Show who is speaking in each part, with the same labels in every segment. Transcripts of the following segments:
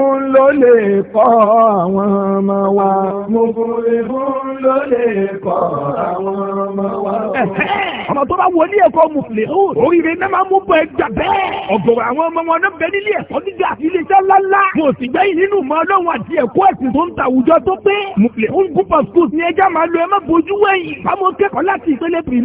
Speaker 1: fún ló lè kọ́ àwọn ọmọ wa. muflihun ló lè kọ́ àwọn ọmọ wa. ọmọ tó bá wọ ní ẹ̀kọ́ muflihun oríire náà máa mú bọ ẹgbà bẹ́ẹ̀. ọ̀gọ̀rọ̀ àwọn ọmọ wọn náà bẹ nílé ẹ̀kọ́ gíga àti iléeṣẹ́ ńláńlá. mo sì gbẹ́yìn nínú ìmọ̀ ọlọ́run àti ẹ̀kọ́ ẹ̀sìn tó ń ta àwùjọ tó pé. muflihun group of schools ni ẹja máa lo ẹ má bojú wẹ̀yìn. bámu kẹ́kọ̀ọ́ láti ìpele pre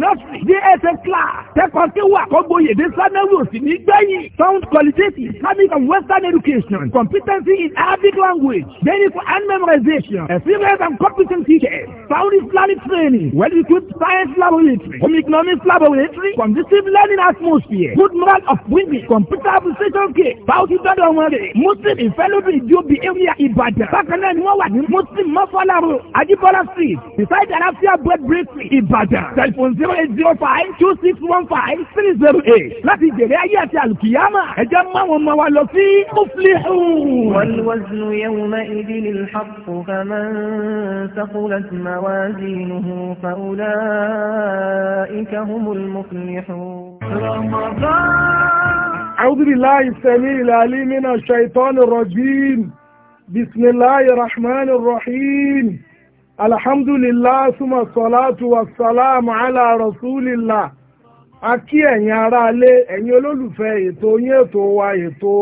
Speaker 1: dss class kẹ́kọ̀ọ́ tí wà kọ́gbóyèdè sanẹ́wò sì ní gbẹ̀yìn. sound qualitative islamic western education competence Literacy in Arabic language, Then medical and memorization, a serious and competent teacher, sound Islamic training, well-equipped science laboratory, home economics laboratory, conducive learning atmosphere, good moral of women, computer application kit, bounty dọ́dọ̀ wọn rè, Muslim ìfẹ́lódù ìjọbi area Ìbàdàn, bákan náà ni wọ́n wà ní Muslim Mọ́fọ́láro, Ajibola street, beside Alafia bread bakery Ìbàdàn, telephone zero eight zero five two six one five three zero eight láti jèrè ayé àti àlùkìyàmà, ẹ̀jẹ̀ máa wọn máa wà lọ sí Muflihun. والوزن
Speaker 2: يومئذ الحق فمن ثقلت موازينه فأولئك هم المفلحون
Speaker 1: أعوذ بالله السميع العليم من الشيطان الرجيم بسم الله الرحمن الرحيم الحمد لله ثم الصلاة والسلام على رسول الله akí ẹ̀yin aráalé ẹ̀yin olólùfẹ́ ètò yín ètò wa ètò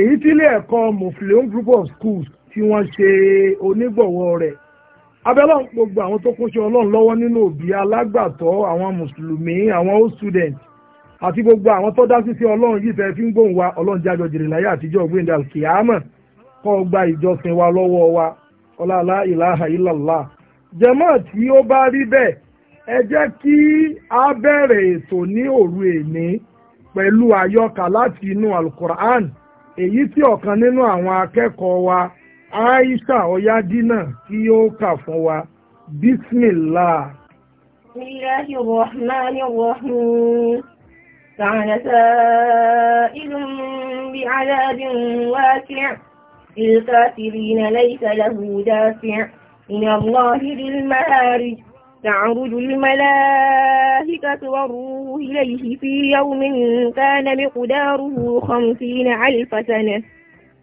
Speaker 1: èyí tí ilé ẹ̀kọ́ mufleon group of schools tí wọ́n ṣe onígbọ̀wọ́ rẹ̀ abẹ́lọ́n gbogbo àwọn tó kún ṣe ọlọ́run lọ́wọ́ nínú òbí alágbàtọ́ àwọn mùsùlùmí àwọn old students àti gbogbo àwọn tó dá ọlọ́run yìí fi ń gbóhùn wa ọlọ́run jẹ́ gba ìjọsìn wa lọ́wọ́ wa ọláàlá ìlàhà ìlàlá jẹ́mọ́ tí ó bá rí bẹ́ẹ̀ ẹ jẹ́ kí a bẹ̀rẹ̀ ètò ní òru pẹ̀lú àyọkà láti inú alukur'an èyí tí ọ̀kan nínú àwọn akẹ́kọ̀ọ́ wa Aisha Oyadina tí yóò kà fún wa bismillah.
Speaker 2: سائل بعذاب للكافرين ليس له دافع من الله ذي المهارج تعرج الملائكة والروح إليه في يوم كان مقداره خمسين ألف سنة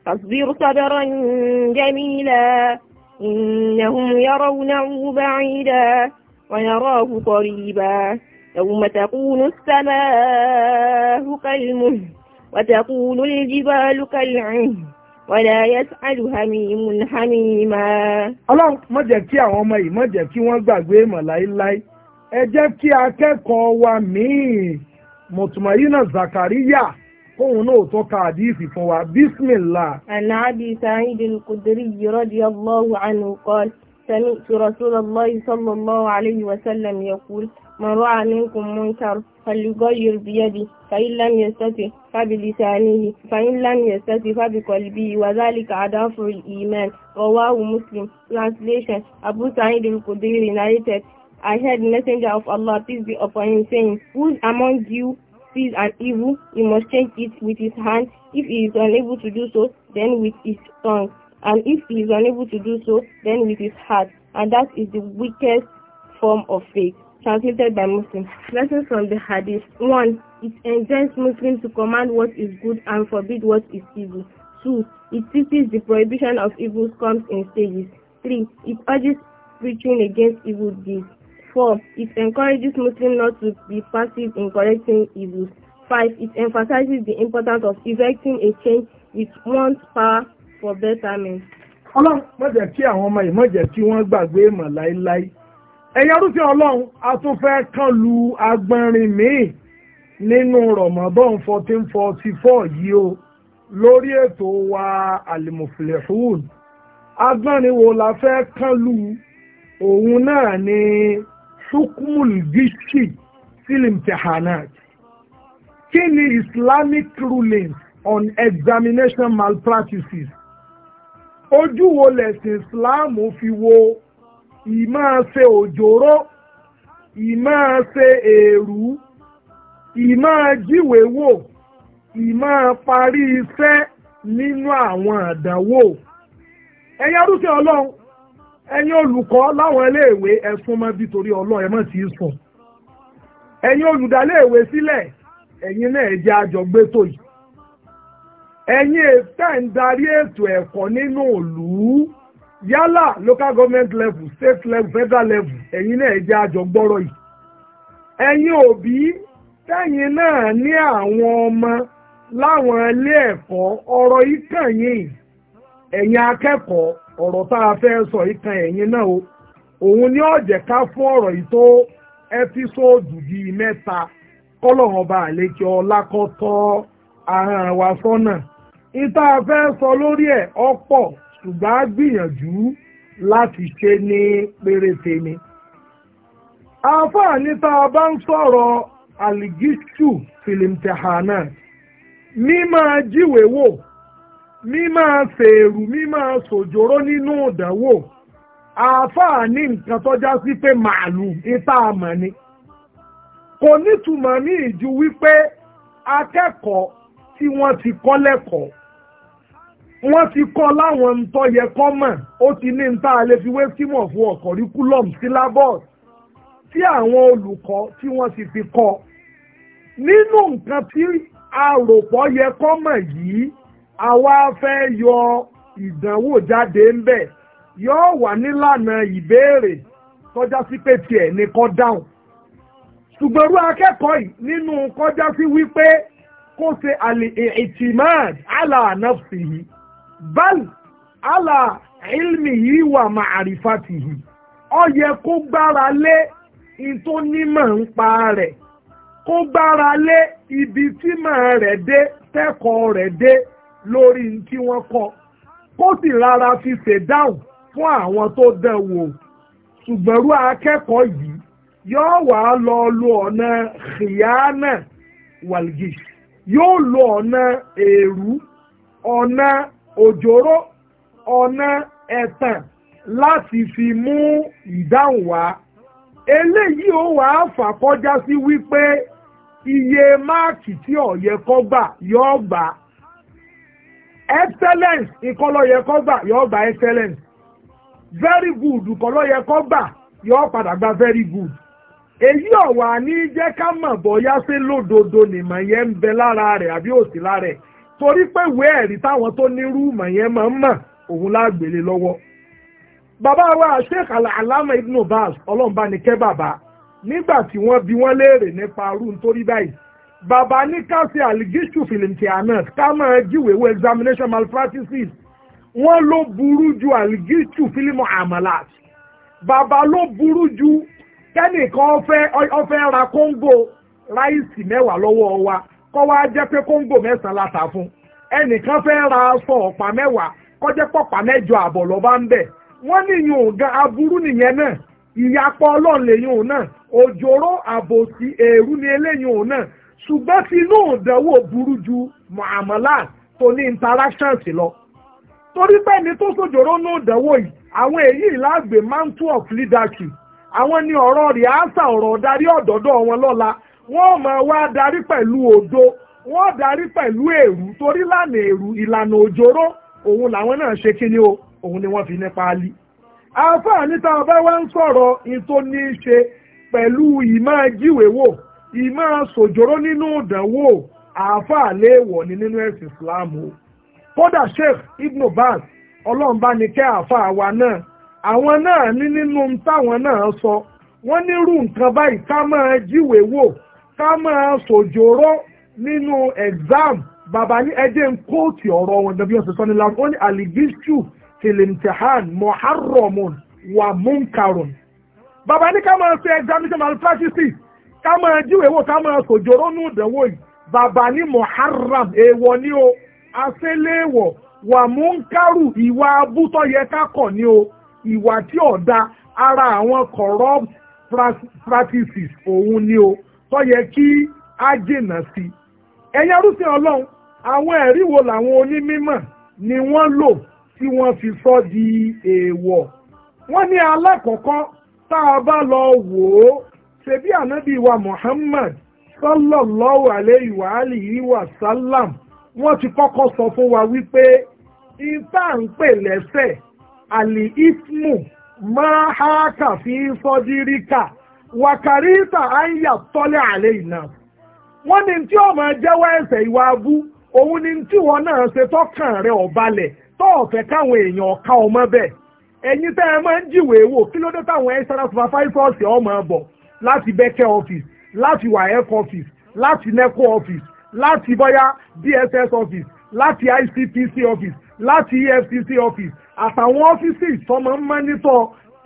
Speaker 2: فاصبر صبرا جميلا إنهم يرونه بعيدا ويراه قريبا يوم تكون السماء كالمهل وتقول الجبال كالعهن wọ̀dà yẹ́sàlù hamimun hamima.
Speaker 1: ọlọ́run má jẹ́ kí àwọn ọmọ yìí má jẹ́ kí wọ́n gbàgbé mọ̀ láíláí ẹ jẹ́ kí akẹ́kọ̀ọ́ wa míì mọ̀tùmáyínà zakariya kóhun náà tó ka àdíìsì fún wa bísmìlá.
Speaker 2: àná àbí sàáyídì kùdírí yìí radiyallahu anhu qala sami'tu rasulallahi sallallahu alayhi wa sallam من رأى منكم منكر فليغير بيده فإن لم يستطع فبلسانه فإن لم يستطع فبقلبه وذلك أضعف الإيمان رواه Muslim translation Abu Sa'id al-Khudri narrated I heard the messenger of Allah peace be upon him saying who among you sees an evil he must change it with his hand if he is unable to do so then with his tongue and if he is unable to do so then with his heart and that is the weakest form of faith Translated by Muslims. Lessons from the Hadith. 1. It enjoins Muslims to command what is good and forbid what is evil. 2. It teaches the prohibition of evil comes in stages. 3. It urges preaching against evil deeds. 4. It encourages Muslims not to be passive in correcting evils. 5. It emphasizes the importance of effecting a change with one's power for betterment.
Speaker 1: Ọlọ́run má jẹ́ kí àwọn ọmọ yìí má jẹ́ kí wọ́n gbàgbé ìmọ̀ láéláé ẹ̀yà rúfin ọlọ́run a tún fẹ́ kàn lu agbọ̀nrín míì nínú rọ̀mọ́bọ́n fourteen forty four yìí o lórí ètò wa alimufilehun agbọ̀nrín wo la fẹ́ kàn lu òun náà ni sukmul gishi silimtihanat kí ni islamic ruling on examination malpractices ojú wo lẹ̀sìn islam fi wo. ìmáa ṣe òjòró ìmáa ṣe èrú parí iṣẹ́ nínú àwọn àdánwò ẹ̀yin arúgbó ọlọ́run ẹ̀yin olùkọ́ láwọn iléèwé ẹ̀sùn mọ́ bí torí ọlọ́run ẹ̀ sùn ẹ̀yin olùdaléèwé sílẹ̀ ẹ̀yin náà jẹ́ àjọgbé yìí ẹ̀yin ètò ẹ̀ ń ẹ̀kọ́ nínú òlùú. yálà local government level state level federal level ẹ̀yin náà jẹ́ àjọ gbọ́rọ̀ yìí ẹ̀yin òbí tẹ̀yin náà ní àwọn ọmọ láwọn ilé ẹ̀kọ́ ọ̀rọ̀ ìkàn yìí ẹ̀yin akẹ́kọ̀ọ́ ọ̀rọ̀ tá a fẹ́ sọ ìkàn ẹ̀yin náà o òun ni ó ká fún ọ̀rọ̀ yìí tó ẹ́písòdù bíi mẹ́ta kọ́lọ́hàn ọba àlejò ọlákọ́tọ́ ṣùgbọ́n á gbìyànjú láti ṣe ní péréte ni. àǹfààní tá a bá ń sọ̀rọ̀ àlìgíṣù fìlìmtẹ̀hánà mímọ́ jíwèé wò mímọ́ fèrú mímọ́ sòjòrò nínú ìdánwò àǹfààní nǹkan tó já sí pé màálù ìta àmọ́ ni kò nítumọ̀ ní ìju wípé akẹ́kọ̀ọ́ tí wọ́n ti kọ́ lẹ́kọ̀ọ́ wọ́n ti kọ́ láwọn ntọ́ yẹ kọ́ mọ̀ ó ti ní nta àlè fi wé símọ̀ fún ọ̀kọ̀ríkúlọ̀m syllabus tí àwọn olùkọ́ tí wọ́n sì ti kọ́ nínú nǹkan tí àròpọ̀ yẹ kọ́ mọ̀ yìí àwa fẹ́ yọ ìdánwò jáde ń bẹ̀ yóò wà nílànà ìbéèrè tọ́já sí pé tiẹ̀ ní kọ́ dáhùn ṣùgbọ́n akẹ́kọ̀ọ́ yìí nínú kọjá sí wípé kó ṣe àlè ìtìmáàd àlà yìí bal ala ilmi yìí wà ma'arifati yìí ó yẹ kó gbára lé ìtò nímọ̀ ń pa rẹ̀ kó gbára lé ibi tí mọ̀ rẹ̀ dé tẹ́kọ̀ọ́ rẹ̀ dé lórí tí wọ́n kọ́ kó sì rárá fi ṣèdáhùn fún àwọn tó dán wò ṣùgbọ́n akẹ́kọ̀ọ́ yìí yóò wá lọ lo ọ̀nà khiyana walgish yóò lo ọ̀nà èrú ọ̀nà òjòrò ọ̀nà ẹ̀tàn láti fi mú ìdáhùn wá eléyìí ó wàá fà kọjá sí wípé iye máàkì tí ọ̀yẹ kọ́ gbà yóò gbà excellence ìkọlọ́yẹ kọ́ gbà yóò gbà excellence very good ìkọlọ́yẹ kọ́ gbà padà gba very good èyí ọ̀wà ní jẹ́ ká mọ̀ sí lódodo nìmọ̀ yẹn ń bẹ lára rẹ̀ àbí òsì lára rẹ̀ torí pé ìwé ẹ̀rí táwọn tó ní rúùmọ̀ yẹn máa ń mọ̀ òun lágbèlè lọ́wọ́ bàbá wa sheikh alama ibn baz ọlọ́mba ni kẹ́ bàbá nígbà tí wọ́n bi wọ́n léèrè nípa rúùn torí báyìí bàbá ní káṣí aligishu filimti anat ká máa jíwèwé examination malpractices wọ́n ló burú ju aligishu filimu amalat bàbá ló burú ju kẹ́nìkan ó fẹ́ ra kóńgò ráìsì mẹ́wàá lọ́wọ́ wa kọ́ wá jẹ́ pé kóńgò mẹ́sàn-án la tà fún ẹnìkan fẹ́ ra aṣọ ọ̀pá mẹ́wàá kọjá pọ̀pá mẹ́jọ àbọ̀ lọ́ bá ń bẹ̀ wọ́n níyìn ògan aburú nìyẹn náà ìyapọ̀ ọlọ́run lèyìn òun náà òjòrò àbòsí èrú ni eléyìn òun náà ṣùgbọ́n tí inú ìdánwò burú ju mọ̀àmọ́lá tó ní interactions lọ torí bẹ́ẹ̀ ni tó sòjòrò ní ìdánwò yìí àwọn èyí lágbè mantle of leadership àwọn ni ọ̀rọ̀ rìásà ọ̀rọ̀ darí ọ̀dọ́dọ̀ wọn lọ́la wọ́n máa wá darí pẹ̀lú òdo wọ́n darí pẹ̀lú èrú torí lànà èrú ìlànà òjòrò òun làwọn náà ṣe kíni o òun ni wọ́n fi ní paálí. àǹfààní tá a bá wá ń sọ̀rọ̀ ní tó ní í ṣe pẹ̀lú ìmọ̀ jíwèwò ìmọ̀ sòjòrò nínú ìdánwò àáfàá léèwọ̀ ni nínú ẹ̀sìn Islam o. kódà Sheikh Ibn Baz ọlọ́run bá ní kẹ́ àáfàá wa náà àwọn náà ní nínú táwọn náà sọ wọ́n nírú nǹkan báyìí ká máa jíwèwò ká máa sòjòrò nínú exam bàbá ní ẹjẹ́ ń kóòtù ọ̀rọ̀ wọn dàbí ọ̀sẹ̀ sọ́ni lam ó ní aligishu filimtahan muharramun wa munkarun bàbá ní ká máa ṣe examination malpractice ká máa jíwèé wò ká máa sòjòrò nù ìdánwò yìí bàbá ní muharram èèwọ̀ ní o aṣẹ́léèwọ̀ wà múnkárù ìwà abútọ́ yẹ ká kọ̀ ní o ìwà tí ọ̀dà ara àwọn corrupt practices òun ní o tó yẹ kí a jìnà sí ẹ̀yin arúfin ọlọ́run àwọn ẹ̀rí wo làwọn onímọ̀ ni wọ́n lò tí wọ́n fi sọ di èèwọ̀ wọ́n ní alákọ̀ọ́kọ́ tá a bá lọ wò ó ànábì wa Muhammad sallallahu alayhi wa wípé ìta ń pè lẹ́sẹ̀ àlì ismu máa So wàkàríta àyà tọ́lẹ̀ àlẹ́ ìná wọ́n ní tí ọmọ jẹ́wọ́ ẹ̀ṣẹ̀ ìwà abú òun ní tí wọn náà ṣe tọ́kàn rẹ̀ ọ̀balẹ̀ tó ọ̀fẹ́ káwọn èèyàn ọ̀ka ọmọ bẹ́ẹ̀ ẹ̀yin tẹ́ ẹ máa ń jìwèé wò kí ló dé táwọn extra supervisors ọmọ bọ̀ láti bẹ́kẹ́ office láti waec office láti neco office láti bọ́yá dss office láti icpc office láti efcc office àtàwọn ọ́fíìsì ìsọmọ mọ́nítọ̀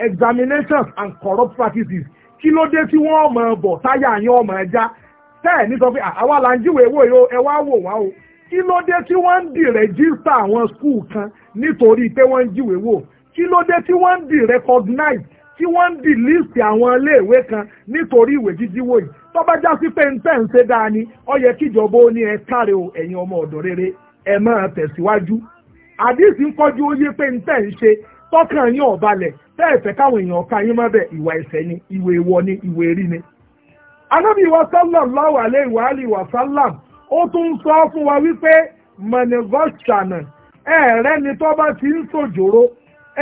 Speaker 1: examinations and corrupt practices kí ló dé tí wọ́n máa bọ̀ táyà yín ọmọ ẹja tẹ́ẹ̀ ní sọ pé àwa là ń jíwèé wò yó ẹ wá wò wá o kí ló dé tí wọ́n ń dì rẹ́gísítà àwọn skul kan nítorí pé wọ́n ń jíwèé wò kí ló dé tí wọ́n ń dì recognize tí wọ́n ń dì líìsì àwọn iléèwé kan nítorí ìwé jíjíwò yìí tó bá já sí pé ń tẹ̀ ń ṣe dáa ni ó yẹ kíjọba ó ní ẹ káre o ẹ̀yin ọmọ ọ̀dọ́ rere ẹ máa tẹ̀síwájú àdìsí ń kọjú ó yé pé ń tẹ̀ ń ṣe tọkàn yín ọ̀balẹ̀ tẹ́ ẹ̀fẹ́ káwọn èèyàn ká yín mọ́bẹ̀ ìwà ẹ̀ṣẹ̀ ni ìwé ìwọ ni ìwé rí ni. anábì wa sallam láwà lé ìwà àlè wa sallam ó tún sọ fún wa wípé mọ̀nìgọ́ṣànà ẹ̀ẹ́rẹ́ni tó bá ti ń sòjòrò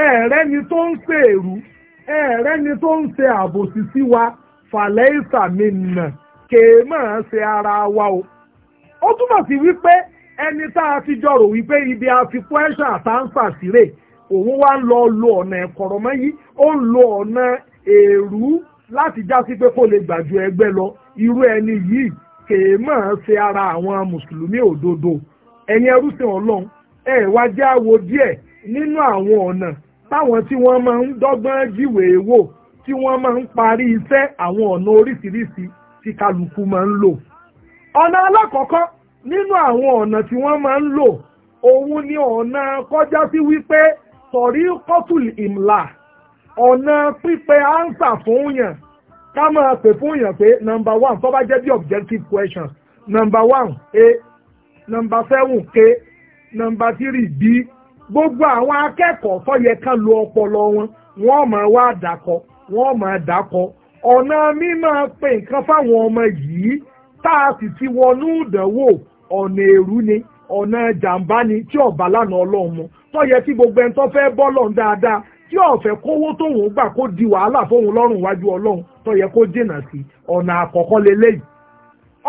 Speaker 1: ẹ̀ẹ́rẹ́ni tó ń ṣe èrú ẹ̀ẹ́rẹ́ni tó ń ṣe àbòsí sí wa fàlẹ́ ìsàmì nà kèé máa ṣe ara wa o. ó túmọ̀ sí wípé ẹni tá a fi jọrò wípé ibi àfikún ẹ̀ṣà tá ń fà sírè òun wá lọ lo ọ̀nà ẹ̀kọ̀rọ̀ mọ́ yìí ó ń lo ọ̀nà èrú láti já sí pé kò lè gbàjú ẹgbẹ́ lọ irú ẹni yìí kèé mọ̀ ń ṣe ara àwọn mùsùlùmí òdodo ẹ̀yin ẹrúsìn ọlọ́run ẹ̀ wá já wo díẹ̀ nínú àwọn ọ̀nà táwọn tí wọ́n máa ń dọ́gbọ́n jíwèé wò tí wọ́n máa ń parí iṣẹ́ àwọn ọ̀nà oríṣiríṣi tí kálukú máa ń lò ọ̀nà alákọ̀ọ́kọ́ nínú àwọn ọ̀nà tí wọ́n máa ń lò òun ni ọ̀nà kọjá sí wípé sọ̀rí kọ́tùl ìmlà ọ̀nà pípẹ́ ánsà fún yàn ká máa pè fún yàn pé number one tó bá jẹ́ bí objective question number one a number seven k number three b gbogbo àwọn akẹ́kọ̀ọ́ tó yẹ ká lo ọpọlọ wọn wọ́n máa wá dàkọ wọ́n máa dàkọ ọ̀nà mímọ́ pé nǹkan fáwọn ọmọ yìí tá a sì ti wọnú ìdánwò ọ̀nà èrú ni ọ̀nà jàǹbá ni tí ọ̀bá lánàá ọlọ́run tó yẹ kí gbogbo ẹni tó fẹ́ bọ́ lọ́n dáadáa tí ọ̀fẹ́ kówó tóun gbà kó di wàhálà fóun lọ́rùn wájú ọlọ́run tó kó jìnnà sí ọ̀nà àkọ́kọ́ leléyìí.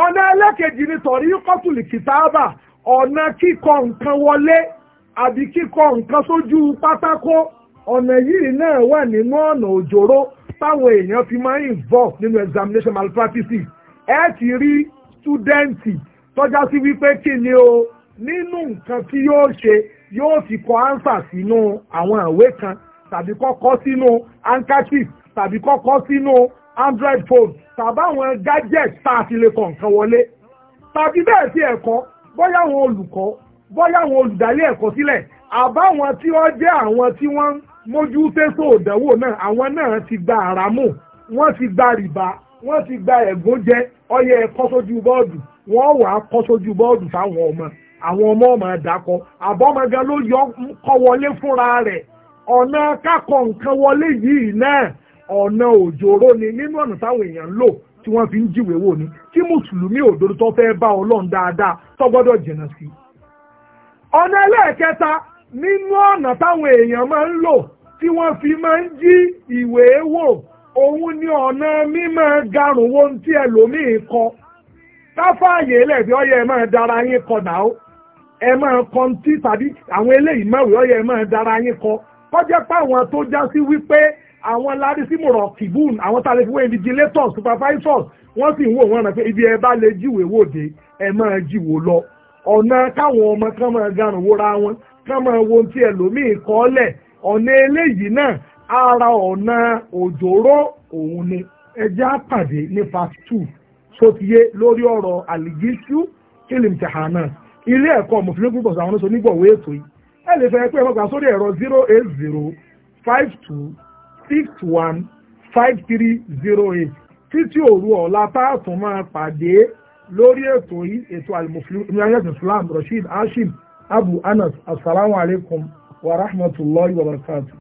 Speaker 1: ọ̀nà ẹlẹ́kejì ni tọ̀rí kọ́tùlì kìtáàbà ọ̀nà kíkọ nǹkan wọlé àbí kíkọ nǹkan sójú pátákó ọ̀nà yìí náà wà nínú ọ̀nà òjòrò táwọn èèyàn fi máa ń involve nínú examination malpractice ẹ ti rí túdẹ́ǹtì tọ́já nínú nǹkan tí yóò ṣe yóò ti kọ ánsà sínú àwọn ìwé kan tàbí kọ́kọ́ sínú handkerchief tàbí kọ́kọ́ sínú android phone tàbáwọn gadget tá a ti lè kọ nǹkan wọlé tàbí bẹ́ẹ̀ sí ẹ̀kọ́ bóyá àwọn olùkọ́ bóyá àwọn olùdarí ẹ̀kọ́ sílẹ̀ àbáwọn tí wọ́n jẹ́ àwọn tí wọ́n ń mójú tẹ́sọ̀ òdẹ̀wò náà àwọn náà ti gba àràmù wọ́n ti gba rìbá wọ́n ti gba ẹ̀gúnjẹ ọyẹ ẹ̀kọ́ sójú bọ́ọ̀dù wọ́n wà á kọ́ sójú bọ́ọ̀dù fáwọn ọmọ àwọn ọmọ ọmọ àdàkọ àbọ̀mọ̀gá ló yọ kọ́ wọlé fúnra rẹ ọ̀nà kákọ̀ nǹkan wọlé yìí náà ọ̀nà òjòrò ni nínú ọ̀nà táwọn èèyàn lò tí wọ́n fi ń jíwèé ni tí mùsùlùmí tó fẹ́ bá ọlọ́run dáadáa tó gbọ́dọ̀ jìnnà sí. ọ̀nà ẹlẹ́ẹ̀kẹta nínú ọ̀nà táwọn èèyàn máa ń lò tí wọ́n fi máa ń jí ìwé wò òun ni ọ̀nà mímọ́ garùn-ún tí ẹlòmíì kọ káfáàyè lẹ̀bi ọyẹ máa dára yín náà ẹ máa kọ́ńtì tàbí àwọn eléyìí máa wíwọ́ yẹ ẹ máa dára yín kọ kọjá pé àwọn tó já sí wípé àwọn larísímùrọ̀ kìbùn àwọn tá a lè fi wọ́n invigilators supervisors wọ́n sì ń wò wọ́n rẹ̀ pé ibi ẹ bá lè jíwèé wòde ẹ máa jíwò lọ ọ̀nà káwọn ọmọ kan máa garùn wóra wọn kan máa wo ti ẹlòmíì kọ́lẹ̀ ọ̀nà eléyìí náà ara ọ̀nà òjòrò òun ni ẹjẹ́ àpàdé ní part two sotiye lórí ọ̀rọ̀ àlìgíṣú kìlìmtìhánà ilé ẹ̀kọ́ mùsùlùmí group of àwọn onígbọ̀wé ètò yìí ẹ lè fẹ́ pé ẹ̀kọ́ sórí ẹ̀rọ zero eight zero five two six one five three zero eight títí òru ọ̀la táàtún máa pàdé lórí ètò yìí ètò alimufilmi islam rasheed hashim abu anas asalaamualeykum wa rahmatulahi wa barakatu.